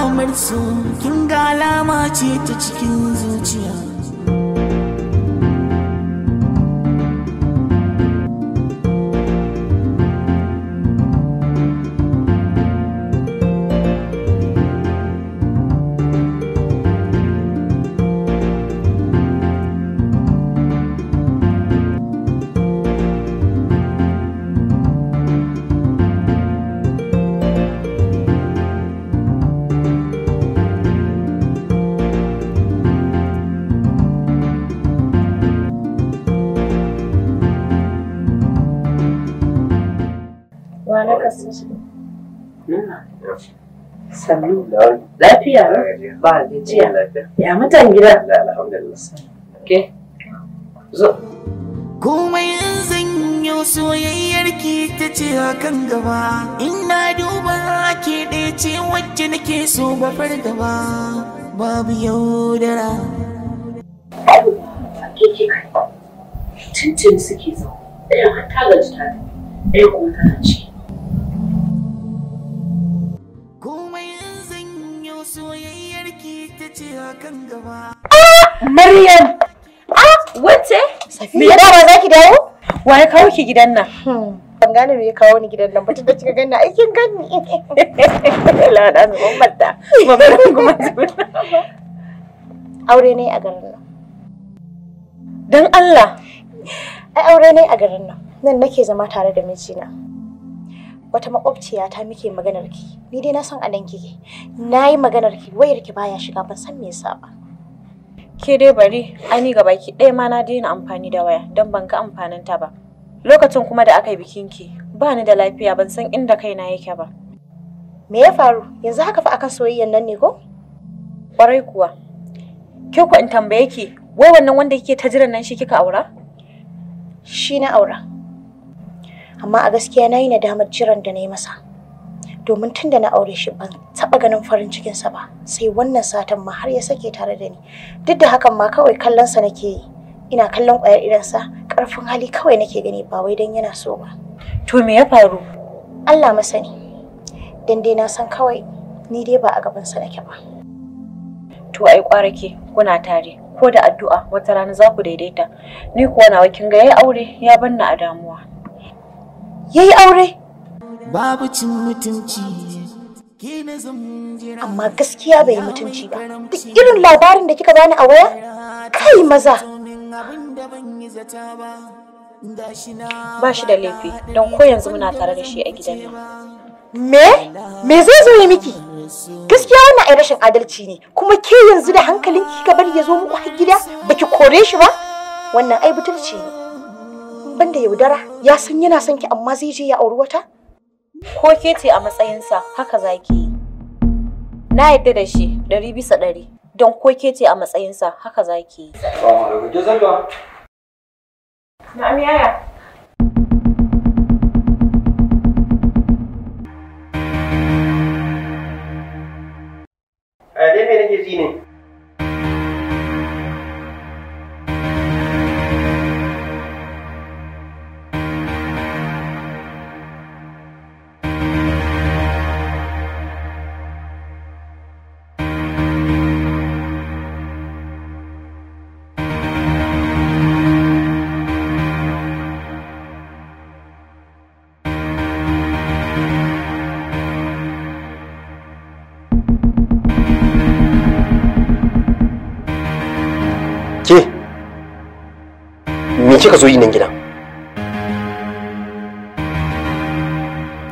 alamar su kin ga ce ta cikin zuciya sannu lafiya ba gajiya ya mutan gida ke zo komai zan yi soyayyar ki ta ce hakan gaba ina duba ke ɗaya ce wacce nake so ba fargaba babu yaudara tuntun suke zaune ɗaya ta gaji ta ɗaya kuma tana ci Maryam! Ah, wace? Me ya dawo zaki dawo? Wa ya kawo ki gidan nan? Hmm. Ban gane me ya kawo ni gidan nan ba tunda kika ganna aikin ganni. Allah da zuban Ba Babban kuma Aure ne a garin nan. Dan Allah. Ai aure ne a garin nan. Nan nake zama tare da mijina. wata makwabciya ta muke maganar ki ni dai na san anan kike nayi maganar ki wayar ki baya shiga ban san me yasa ba ke dai bari ani gaba ki ɗaya ma na daina amfani da waya don ban ga amfanin ta ba lokacin kuma da aka yi bikin ki ba ni da lafiya ban san inda kaina yake ba me ya faru yanzu haka fa akan soyayyan nan ne ko kwarai kuwa ke ku in tambaye ki wai wannan wanda kike ta jiran nan shi kika aura shi na aura amma a gaskiya na yi nadamar jiran da na yi masa domin tun da na aure shi ban taɓa ganin farin cikinsa ba sai wannan satan ma har ya sake tare da ni duk da hakan ma kawai kallonsa nake yi ina kallon ƙwayar sa, ƙarfin hali kawai nake gani ba wai don yana so ba to me ya faru Allah masani dan dai na san kawai ni dai ba a gabansa nake ba to ai ƙwarake kuna tare ko da addu'a wata rana za ku daidaita ni kuwa nawa kin ga yayi aure ya banna a damuwa yayi aure babu cin mutunci amma gaskiya bai yi mutunci ba duk irin labarin da kika bani a waya kai maza ba shi da laifi don ko yanzu muna tare da shi a gidan nan me me zai zo ya miki gaskiya wannan ai rashin adalci ne kuma ke yanzu da hankalin kika bari ya zo muku har gida baki kore shi ba wannan ai butulci ne banda yaudara ya san yana son ki amma zai je ya auri wata ko ke ce a matsayinsa haka za ki yi na yadda da shi ɗari bisa ɗari don ko ke ce a matsayinsa haka za ki yi na'am yaya a eh, dai me nake ji ne me kika zo yi nan gidan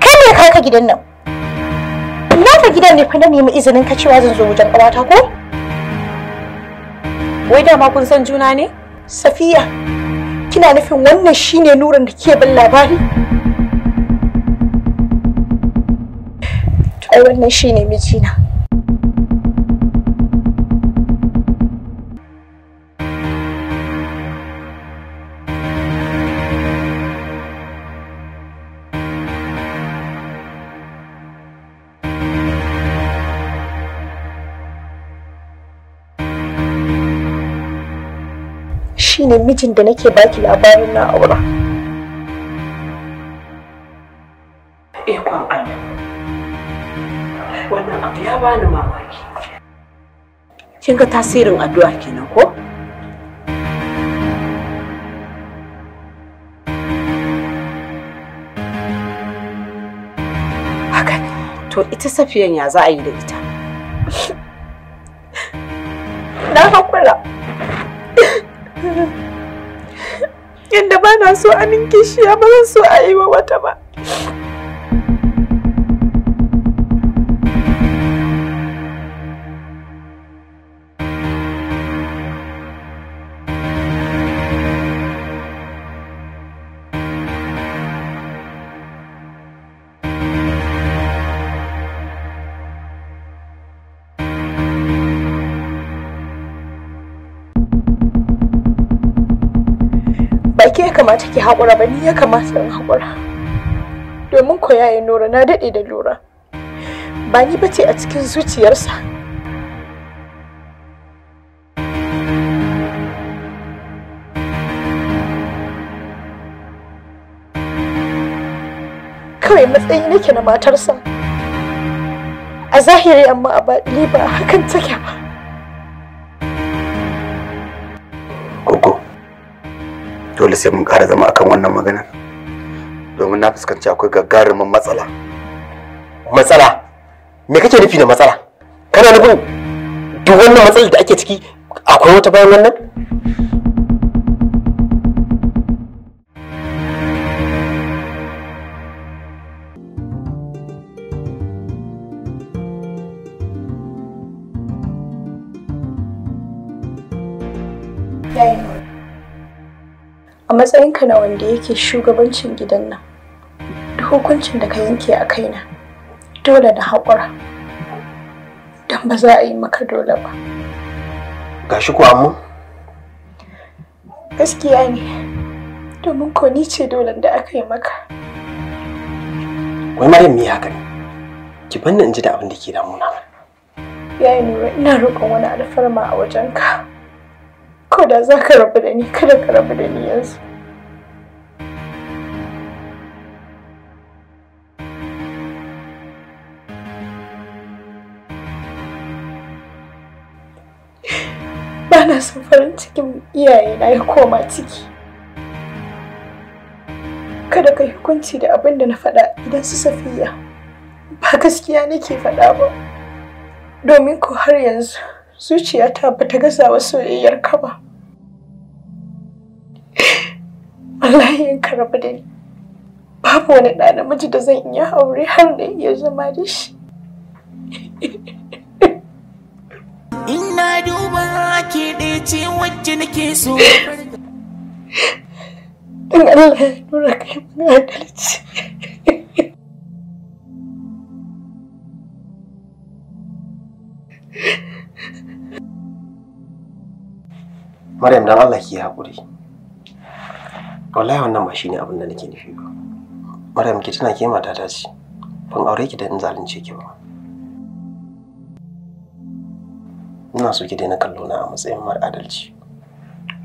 kai ne ka ka gidan nan na ka gidan ne fa na nemi izinin ka cewa zan zo wajen kawata ko wai dama kun san juna ne safiya kina nufin wannan shine nuran da ke bin labari ai wannan shine mijina shine mijin da nake baki labarin na aura wannan abu ya bani mamaki kin ga tasirin addu'a kenan ko haka to ita safiyan ya za a yi da ita so a kishiya ba zan so a yi wa wata ba kamata ki haƙura ba ni ya kamata in haƙura domin ko yayin nora na daɗe da lura ba ni bace a cikin zuciyarsa kawai matsayi nake na matarsa a zahiri amma a baɗi ba hakan take ba dole sai mun ƙara zama akan wannan maganar domin na fuskanci akwai gagarumin matsala matsala me kake nufi da matsala kana nufin duk wannan matsalar da ake ciki akwai wata bayan wannan matsayinka na wanda yake shugabancin gidan nan da hukuncin da ka yanke a kaina dole da haƙura don ba za a yi maka dole ba gashi ku amma gaskiya ne domin ko ni ce dole da aka yi maka wai ma me haka ne ki banna in ji da abin da ke damuna yayi nura ina roƙon wani alfarma a wajenka ko da za ka rabu da ni kada ka rabu da ni yanzu ina farin cikin iyaye na ya koma ciki kada ka hukunci da abin da na faɗa idan su safiya ba gaskiya nake faɗa ba domin ko har yanzu zuciyata ba ta gaza wa soyayyar ka ba wallahi in ka rabu da ni babu wani ɗa namiji da zan iya aure har na iya zama da shi ina duba ke ɗaya ce wacce nake so ya Maryam dan Allah ki haƙuri. Wallahi wannan ba shine abin da nake nufi ba. Maryam ki tana ke matata ce. Ban aure ki da in zalunce ki ba. ina so ki daina kallo na a matsayin mara adalci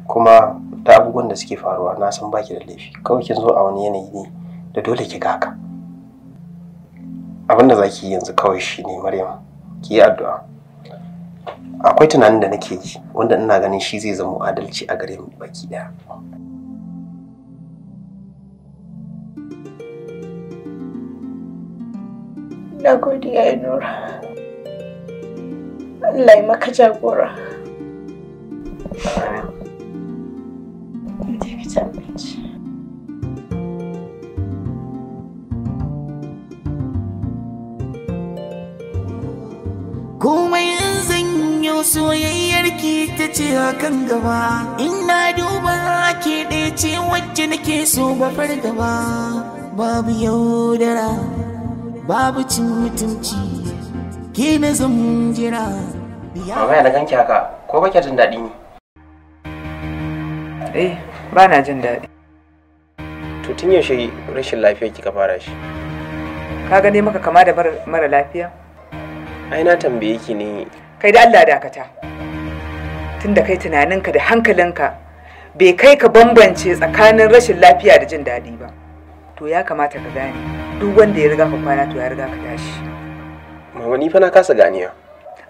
kuma da abubuwan da suke faruwa na san baki da laifi kawai kin zo a wani yanayi ne da dole ki ga ka abin da zaki yi yanzu kawai shine maryam ki yi addu'a akwai tunanin da nake yi wanda ina ganin shi zai zama adalci a gare mu baki daya Na ya yi nura. Allah ya maka jagora. Komai in zanyo soyayyar ki ta ce hakan gaba, ina duba ke ɗaya ce wacce nake so ba fargaba. Babu yaudara, babu cin mutunci, ke na zan jira. wuya. Mama yana ganki haka ko baki jin daɗi ne? Eh ba na jin daɗi. To tun yaushe rashin lafiya kika fara shi? Ka gane maka kama da mara lafiya? Ai na tambaye ki ne. Kai da Allah dakata. Tunda kai tunaninka da hankalinka bai kai ka bambance tsakanin rashin lafiya da jin daɗi ba. To ya kamata ka gane duk wanda ya riga ka kwana to ya riga ka tashi. Mama ni fa na kasa ganiya.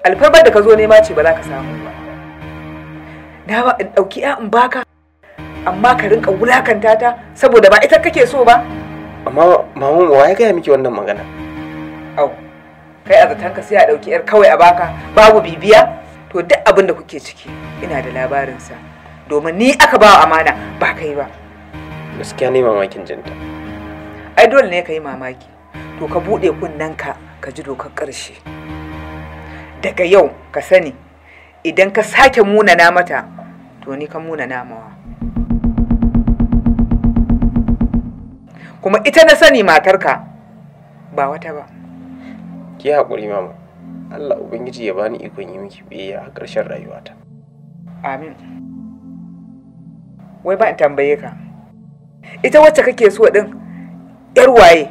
alfarmar da ka zo nema ce ba za ka samu ba na ba in ɗauki in baka amma ka rinka wulakanta ta saboda ba ita kake so ba amma mamun wa ya gaya miki wannan magana au kai a zatan ka sai a ɗauki yar kawai a baka babu bibiya to duk abin da kuke ciki ina da labarinsa domin ni aka ba amana ba kai ba gaskiya ne mamakin jinta ai dole ne ka yi mamaki to ka buɗe kunnen ka ka ji dokar ƙarshe daga yau ka sani idan ka sake munana mata to ni ka munana mawa kuma ita na sani matarka ba wata ba ki haƙuri mama Allah Ubangiji ya bani ikon yi miki biyayya a ƙarshen rayuwata amin wai ba in tambaye ka ita wacce kake so din yar waye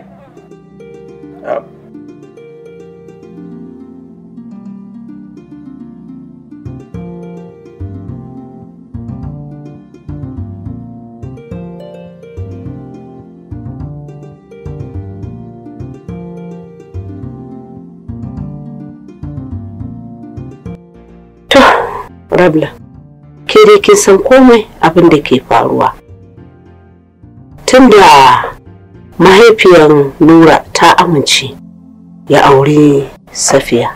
problem ke dai kin san komai abin da ke faruwa tunda mahaifiyar nura ta amince ya auri safiya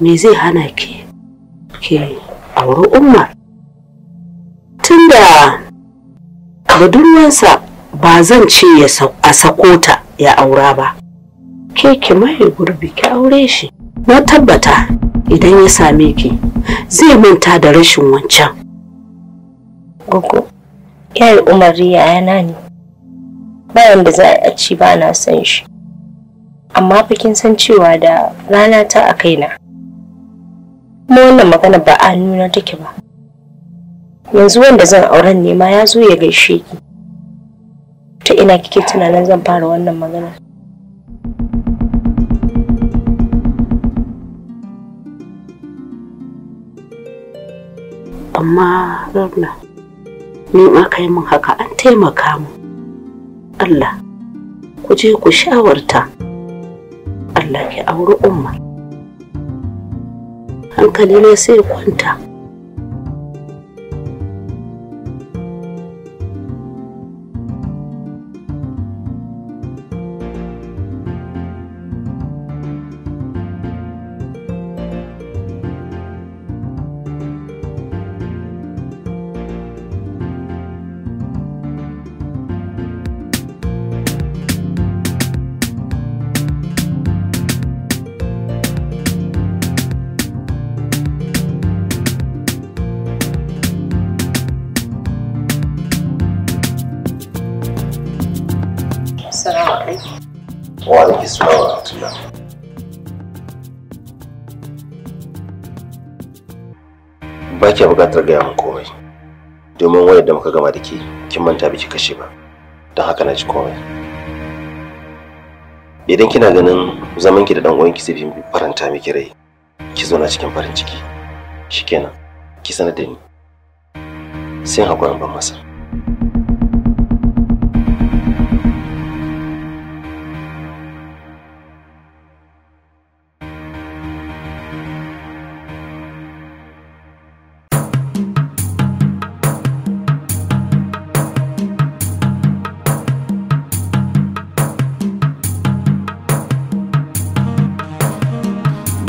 me zai hana ki ke auri umar tunda budurwarsa ba zan ce a sako ya aura ba ke ki mai gurbi ki aure shi na tabbata idan ya same ki zai manta da rashin wancan. Gugu. yayi umarri yayana ne. Bayan da za a ci ba na son shi. Amma fa kin san cewa da rana ta a kaina. Kuma wannan magana ba a nuna take ba. Yanzu wanda zan auren ne ma ya zo ya gaishe ki. Ta ina kike tunanin zan fara wannan magana amma rarna ni ma kai min haka an taimaka mu Allah ku je ku shawarta Allah ki auri umma hankali ne sai kwanta wa alaikum assalam wa ba kya buƙatar gaya min komai domin wayar da muka gama da ke kin manta biki kashe ba don haka na ji komai idan kina ganin zaman ki da dan uwanki zai fi faranta miki rai ki zo na cikin farin ciki shikenan ki sanar da ni sai hakurin ban masa